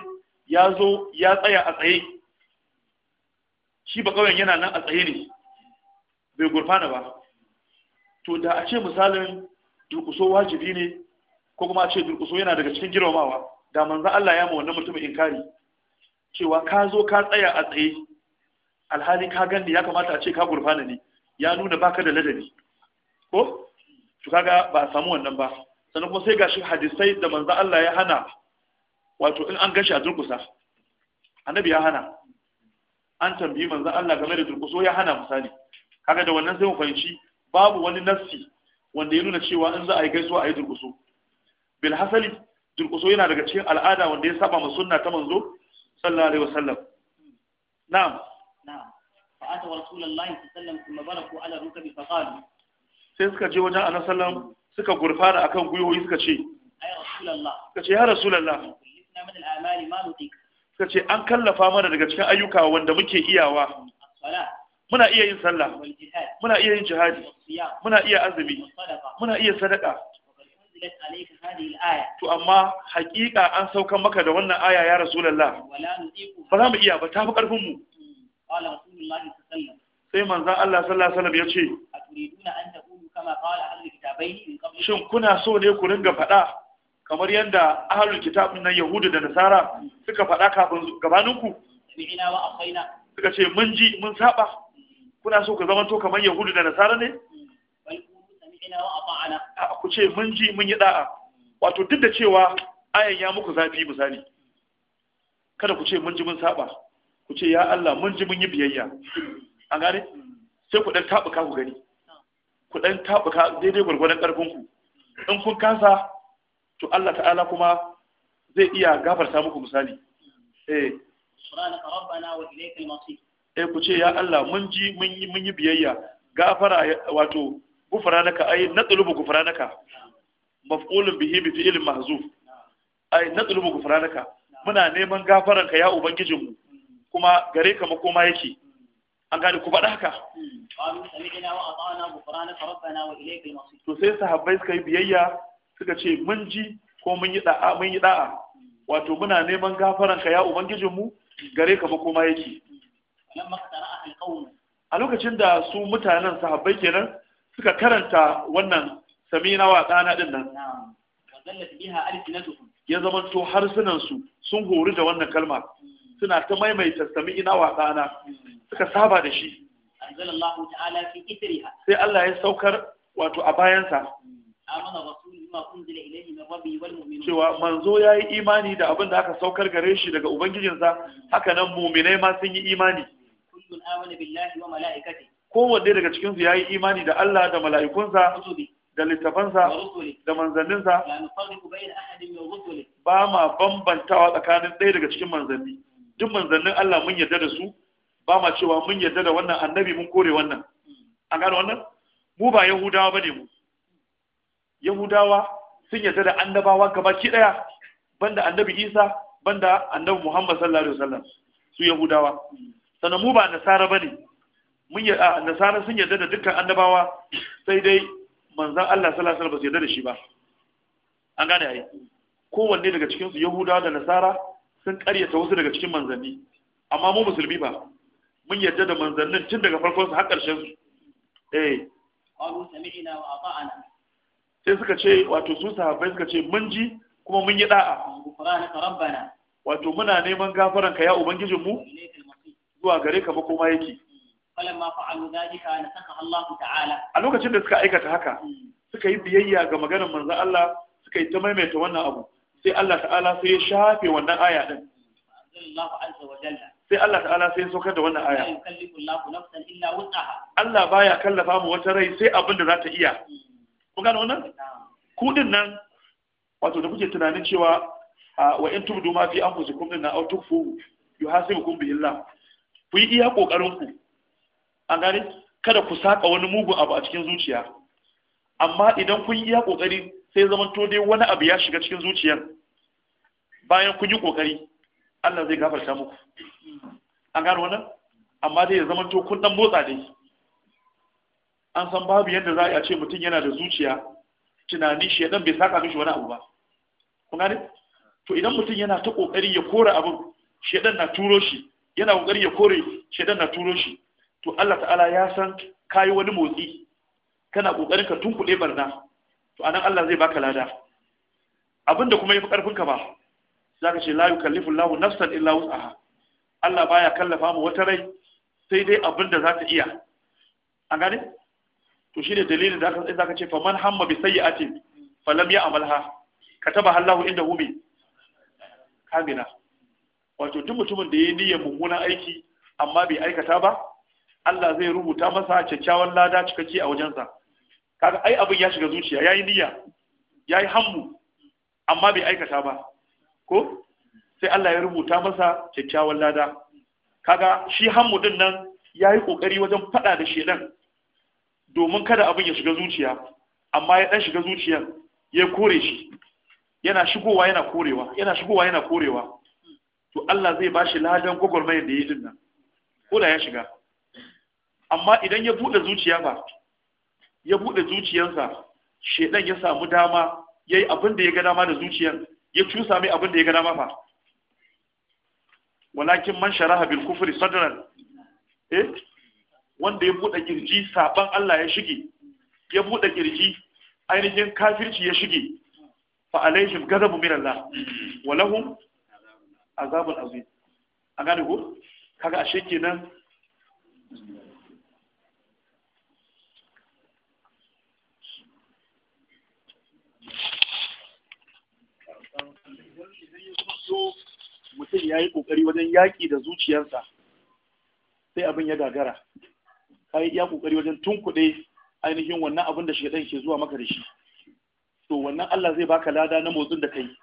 ya zo ya tsaya a tsaye shi bakawayen yana nan a tsaye ne bai gurfana ba to da a ce misalin durkuso wajibi ne ko kuma a ce durkuso yana daga cikin girmamawa da manzo Allah ya ma wannan mutumin inkari cewa ka zo ka tsaya a tsaye alhali ka gani ya kamata a ce ka gurfana ne ya nuna baka da ladabi ko to kaga ba a samu wannan ba sannan kuma sai gashi hadisai da manzo Allah ya hana wato in an gashi a durkusa annabi ya hana an tambayi manzo Allah game da durkuso ya hana misali kaga da wannan sai mu fahimci babu wani nassi wanda ya nuna cewa in za a yi gaisuwa a yi durƙuso bil hasali durƙuso yana daga cikin al'ada wanda ya saba ma sunna ta manzo sallallahu alaihi wasallam na'am na'am fa ata rasulullahi sallallahu alaihi wasallam kuma baraku ala rukabi fa qalu sai suka je wajen annabi sallallahu alaihi wasallam suka gurfara akan guyoyi suka ce ay rasulullah suka ce ya rasulullah suka ce an kallafa mana daga cikin ayyuka wanda muke iyawa muna iya yin sallah muna iya yin jihadi muna iya azumi muna iya sadaka to amma hakika an saukan maka da wannan aya ya rasulullah ba za mu iya ba tafi karfin mu hmm. sai manzon Allah sallallahu alaihi ya ce shin kuna so ne ku ringa faɗa kamar yadda ahlul kitabun nan yahudu da nasara suka faɗa kafin gabaninku suka ce mun ji mun saba kuna so ku to kamar yahudu da nasara ne ku ce mun ji mun yi da'a wato duk da cewa ayan ya muku zafi misali kada ku ce mun ji mun saba ku ce ya Allah mun ji mun yi biyayya an gane sai ku dan tabuka ku gani ku dan tabuka daidai gwargwadon karfin ku in kun kasa to Allah ta'ala kuma zai iya gafarta muku misali eh subhanaka rabbana wa masir E, ku ce ya Allah mun ji mun yi biyayya gafara wato gufranaka ai natlubu gufranaka maf'ulun bihi bi fi'il mahzuf ai natlubu gufranaka muna neman ka ya mu kuma gare ka makoma yake an gani ku faɗa haka to sai sahabbai suka yi biyayya suka ce mun ji ko mun yi da'a mun yi da'a wato muna neman gafaran ka ya mu gare ka makoma yake a lokacin da su mutanen sahabbai kenan suka karanta wannan samina wa tsana ɗin nan ya zama to su sun hori da wannan kalma hmm. suna ta maimaita samina wa ɗana hmm. suka saba da shi sai Allah ya saukar wato a bayansa hmm. cewa manzo ya yi imani da abin da aka saukar gare shi daga ubangijinsa haka nan muminai ma sun yi imani nabiyyun amana billahi wa mala'ikati kowanne daga cikin su yayi imani da Allah da mala'ikunsa da littafansa da manzanninsa ba ma bambantawa tsakanin ɗaya daga cikin manzanni duk manzannin Allah mun yarda da su ba ma cewa mun yarda da wannan annabi mun kore wannan an gano wannan mu ba yahudawa bane mu yahudawa sun yarda da annabawa gabaki daya banda annabi Isa banda annabi Muhammad sallallahu alaihi wasallam su yahudawa sannan mu ba nasara bane mun yi nasara sun yarda da dukkan annabawa sai dai manzon Allah sallallahu alaihi wasallam ba su yarda da shi ba an gane ai kowanne daga cikin su yahudawa da nasara sun karyata wasu daga cikin manzanni amma mu musulmi ba mun yarda da manzannin tun daga farkon su har ƙarshen su eh wa sai suka ce wato su sahabbai suka ce mun ji kuma mun yi da'a wato muna neman gafaranka ya ubangijinmu zuwa gare ka ba kuma yake a lokacin da suka aikata haka suka yi biyayya ga maganar manzon Allah suka yi ta maimaita wannan abu sai Allah ta'ala sai ya shafe wannan aya din sai Allah ta'ala sai ya saukar da wannan aya Allah baya kallafa mu wata rai sai abin da za ta iya kun gane wannan kudin nan wato da kuke tunanin cewa ah, wa in tubdu ma fi anfusikum na aw tukfu yuhasibukum bi illah ku yi iya ƙoƙarinku an gane kada ku saƙa wani mugun abu a cikin zuciya amma idan kun yi iya ƙoƙari sai zaman to dai wani abu ya shiga cikin zuciyar bayan kun yi ƙoƙari Allah zai gafarta muku an gane wannan amma dai ya zaman to kun dan motsa dai an san babu yadda za a ce mutum yana da zuciya tunani shi dan bai saka mishi wani abu ba kun gane to idan mutum yana ta ƙoƙari ya kora abin shedan na turo shi yana kokari ya kore shedan na turo shi to Allah ta'ala ya san kai wani motsi kana kokarin ka tunkuɗe barna to anan Allah zai baka lada abinda kuma yafi karfin ka ba zaka ce la yukallifu Allahu nafsan illa wus'aha Allah baya kallafa mu wata rai sai dai abinda za ta iya an gane to shine dalilin da sai zaka ce faman hamma bi sayyi'atin falam ya'malha kataba Allahu indahu bi kamina wato duk mutumin da ya yi niyyar mummunan aiki amma bai aikata ba Allah zai rubuta masa kyakkyawan lada cikakke a wajensa kaga ai abin ya shiga zuciya yayi niyya yayi hammu amma bai aikata ba ko sai Allah ya rubuta masa kyakkyawan lada kaga shi hammu din nan ya yi kokari wajen faɗa da shedan domin kada abin ya shiga zuciya amma ya dan shiga zuciyar ya kore shi yana shigowa yana korewa yana shigowa yana korewa to Allah zai bashi ladan gwagwarmayar da ya yi nan ko da ya shiga amma idan ya buɗe zuciya ba ya buɗe zuciyarsa shedan ya samu dama ya yi abin da ya ga dama da zuciyar ya cusa mai abin da ya ga dama fa walakin man sharaha bil kufri sadran eh wanda ya buɗe kirji saban Allah ya shige ya buɗe kirji ainihin kafirci ya shige fa alaihim ghadabu min Allah wa lahum azabul azim a gane ko kaga ashe kenan mutum ya yi ƙoƙari wajen yaƙi da zuciyarsa sai abin ya gagara ka yi iya ƙoƙari wajen tunkuɗe ainihin wannan abin da shaidan ke zuwa maka da shi to wannan Allah zai baka lada na motsin da kai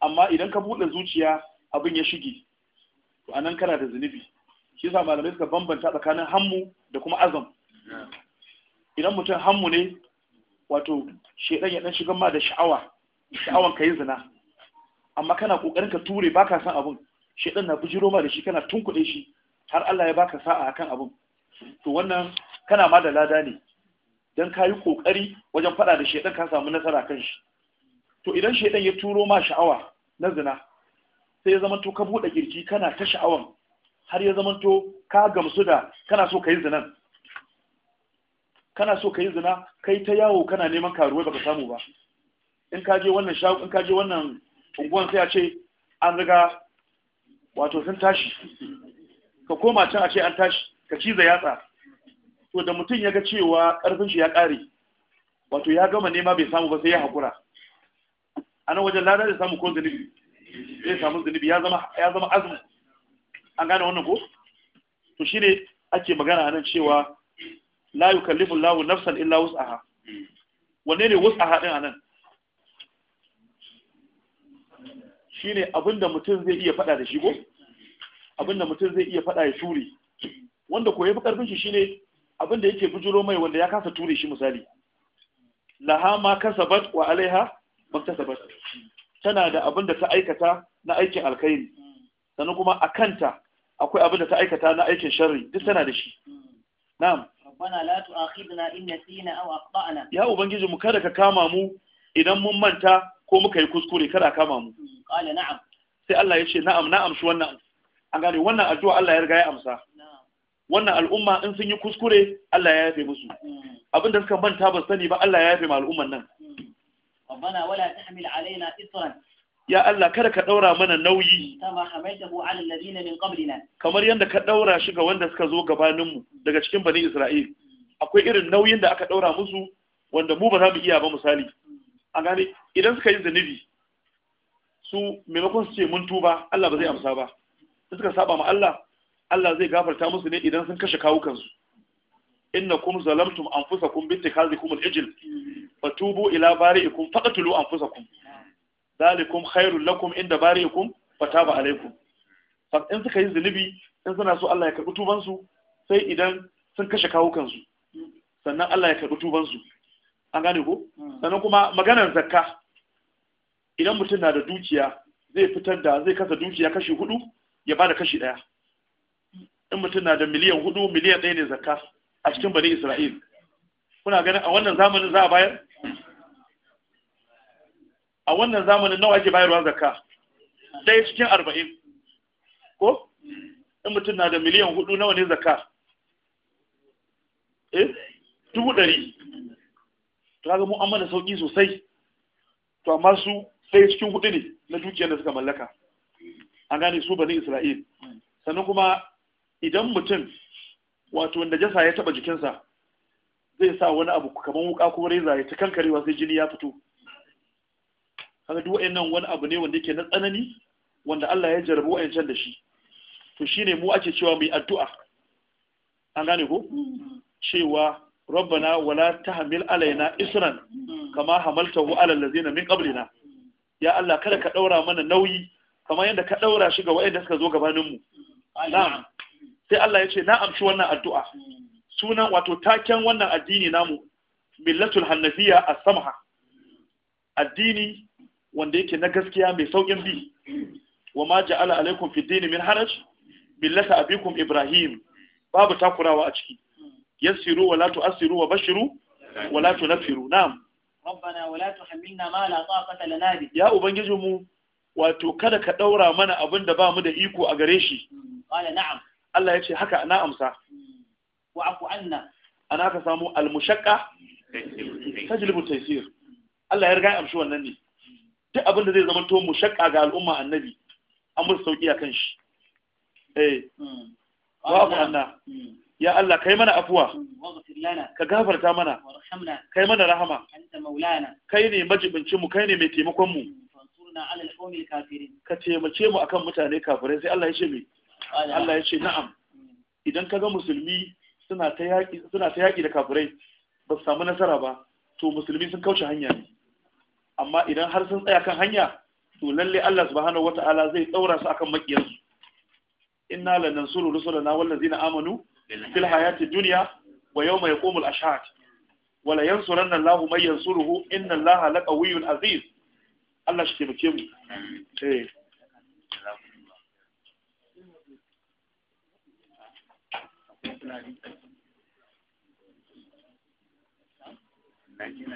amma idan ka buɗe zuciya abin ya shige to anan kana da zunubi shi yasa malamai suka bambanta tsakanin hammu da kuma azam idan mutum hammu ne wato shedan ya dan shigan ma da sha'awa sha'awan kai zina amma kana kokarin ka ture baka san abun shedan na bujiro ma da shi kana tunkuɗe shi har Allah ya baka sa'a akan abun to wannan kana ma da lada ne dan kayi kokari wajen fada da shedan ka samu nasara kan shi to idan shaidan ya turo ma sha'awa na zina sai ya to ka buɗe kirji kana ta sha'awan har ya to ka gamsu da kana so ka yi zinan kana so ka yi zina kai ta yawo kana neman karuwai baka samu ba in ka je wannan sha in ka je wannan unguwan sai a ce an riga wato sun tashi ka koma can a ce an tashi ka ciza yatsa to da mutum ya ga cewa karfin shi ya ƙare wato ya gama nema bai samu ba sai ya haƙura a nan wajen lada zai samu ko zunubi zai samu zunubi ya zama azumi an gane wannan ko to shine ake magana a nan cewa layu kallifin Allahu nafsan illa aha wanne ne a nan shi shine abinda mutum zai iya fada da shi ko abinda mutum zai iya fada ya ture wanda ko fi karfin shi shine abinda yake bujuro mai wanda ya kasa ture shi misali laha ma kasabat wa alaiha maktasabat tana da abin da ta aikata na aikin alkhairi sannan kuma a kanta akwai abin da ta aikata na aikin sharri duk tana da shi na'am rabbana la tu'akhidna in nasina aw akhtana ya ubangiji mu kada ka kama mu idan mun manta ko muka yi kuskure kada ka kama mu qala na'am sai Allah ya ce na'am na'am shi wannan an gane wannan addu'a Allah ya riga ya amsa wannan al'umma in sun yi kuskure Allah ya yafe musu mm. abin da suka manta ba sani ba Allah ya yafe ma al'umman nan ربنا ولا تحمل علينا إصرا يا الله kada ka daura mana nauyi kama hamaltahu ala alladhina min qablina kamar yanda ka daura shi ga wanda suka zo gabanin mu daga cikin bani Isra'il akwai irin nauyin da aka daura musu wanda mu ba za mu iya ba misali a gane idan suka yi zunubi su maimakon su ce mun tuba Allah ba zai amsa ba in suka saba ma Allah Allah zai gafarta musu ne idan sun kashe kawukansu kum zalamtum anfusakum bi ittikhadikum al-ijl fatubu ila bari'ikum faqtulu anfusakum dalikum khairul lakum inda bari'ikum fataba fa in suka yi zulubi in suna so Allah ya karbi tuban su sai idan sun kashe kawo kansu sannan Allah ya karbi tuban su an gane ko hmm. sannan kuma maganar zakka idan mutum na da dukiya zai fitar da zai kasa dukiya kashi hudu ya bada kashi daya in mutum na da miliyan hudu miliyan ɗaya ne zakka a cikin bani Isra'il kuna ganin a wannan zamanin za a bayar a wannan zamanin nawa ake bayarwa zakka ɗaya cikin arba'in ko in mutum na da miliyan hudu nawa ne zakka eh dubu ɗari to kaga mu amma da sauƙi sosai to amma su ɗaya cikin hudu ne na dukiyar da suka mallaka an gane su bani isra'il sannan kuma idan mutum wato wanda jasa ya taɓa jikinsa zai sa wani abu kamar wuka ko reza ya ta kankarewa sai jini ya fito kaga duk wayannan wani abu ne wanda yake na tsanani wanda Allah ya jarabu wayancan da shi to shine mu ake cewa mai addu'a an gane ko cewa rabbana wala tahmil alaina isran kama hamaltahu ala allazina min qablina ya Allah kada ka daura mana nauyi kama yadda ka daura shi ga wayanda suka zo gabanin mu na'am sai Allah ya ce na amshi wannan addu'a sunan wato taken wannan addini namu millatul hanafiya as-samha addini wanda yake na gaskiya mai saukin bi wa ma ja'ala alaikum fi dini min haraj millata abikum ibrahim babu takurawa a ciki yassiru wa la tu'assiru wa bashiru Wala la tunfiru na'am rabbana wa la tuhammilna ma la taqata lana bi ya ubangiji mu wato kada ka daura mana abin da ba mu da iko a gare shi qala na'am Allah ya ce haka ana amsa wa afu anna ana ka samu al-mushaqqa tajlibu taysir Allah ya riga amshi wannan ne duk abin da zai zama to mu shakka ga al'umma annabi an musu sauki a kan shi eh hmm. wa anna hmm. ya Allah kai mana afuwa hmm. ka gafarta mana kai mana rahama kai ne majibincin mu kai ne mai taimakon mu ka taimake mu akan mutane kafirai sai Allah ya ce me Allah ya ce na'am idan ka ga musulmi suna ta yaƙi da kafirai ba su samu nasara ba to musulmi sun kauce hanya ne amma idan har sun tsaya kan hanya to lalle Allah subhanahu wata'ala zai daura su akan makiyarsu inna lanansuru rusulana wallazina amanu fil hayati dunya wa yawma yaqumul ashhad wa la yansuranna Allahu man yansuruhu inna Allaha laqawiyyun aziz Allah shi taimake mu eh. Thank you.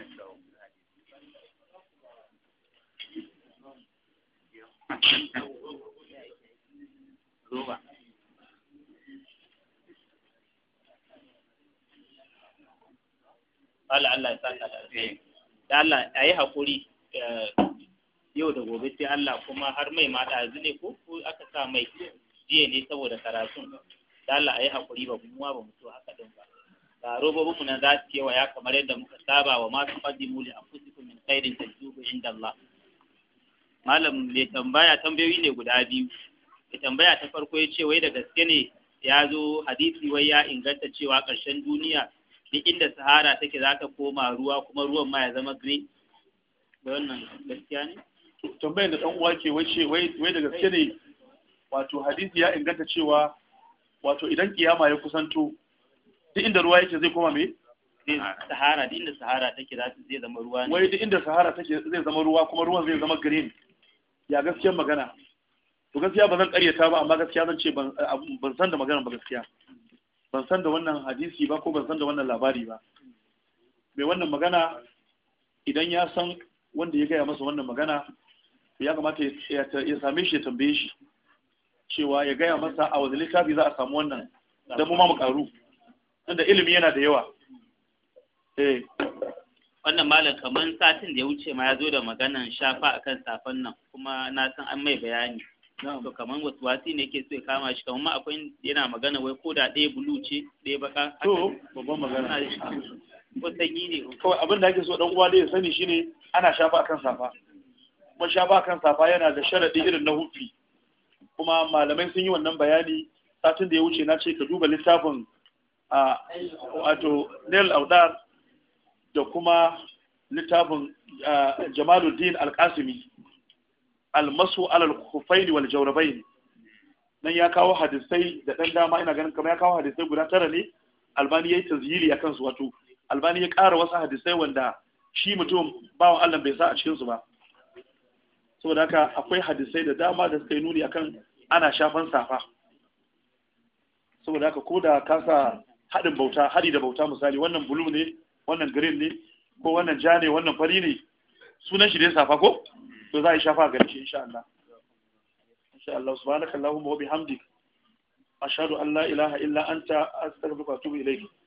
Allah Allah ya saka Da Allah a yi haƙuri eh, yau da gobe sai Allah kuma har mai ma ɗazu ne ko ko aka sa mai jiya ne saboda karatun. Da Allah a yi haƙuri ba mu ba mu so haka din ba. Ga robobinmu na za su kewaya kamar yadda muka saba wa masu muli a anfusikum min kairin tajibu inda Allah. malam le tambaya tambayoyi ne guda biyu ya tambaya ta farko ya ce wai da gaske ne ya zo hadisi wai ya inganta cewa ƙarshen duniya duk inda sahara take za ta koma ruwa kuma ruwan ma ya zama grey da wannan gaskiya ne tambayar da ɗan uwa ke wace wai da gaske ne wato hadisi ya inganta cewa wato idan kiyama ya kusanto duk inda ruwa yake zai koma me sahara duk inda sahara take zai zama ruwa ne wai duk inda sahara take zai zama ruwa kuma ruwan zai zama green ya gaskiya magana to gaskiya ba zan karyata ba amma gaskiya zan ce ban eh, san da magana ba gaskiya ban san da wannan hadisi ba ko ban san da wannan labari ba mai wannan magana idan ya san wanda ya gaya masa wannan magana ya kamata ya same shi ya tambaye shi cewa ya gaya masa a wani littafi za a samu wannan dan mu ma mu karu inda ilimi yana da yawa eh wannan malam kaman satin da ya wuce ma ya zo da maganan shafa akan safan nan kuma na san an mai bayani to kaman wasu wasi ne ke so ya kama shi kaman ma akwai yana magana wai ko da ɗaya bulu ce ɗaya baka to babban magana ko sanyi ne kawai abin da ake so dan uwa da ya sani shine ana shafa akan safa kuma shafa akan safa yana da sharadi irin na hufi kuma malamai sun yi wannan bayani satin da ya wuce na ce ka duba littafin a wato nail audar da kuma littafin jamaluddin al-qasimi al-masu alal kufaini wal nan ya kawo hadisai da dan dama ina ganin kamar ya kawo hadisai guda tara ne albani yayi tazyili akan su wato albani ya ƙara wasu hadisai wanda shi mutum bawan Allah bai sa a cikin su ba saboda haka akwai hadisai da dama da suka yi nuni akan ana shafan safa saboda haka ko da ka sa haɗin bauta haɗi da bauta misali wannan bulu ne wannan green ne ko wannan ja ne wannan fari ne sunan shi dai safa ko to za a yi shafa gare shi insha Allah insha Allah subhanakallahumma wa bihamdik ashhadu an la ilaha illa anta astaghfiruka wa atubu ilayk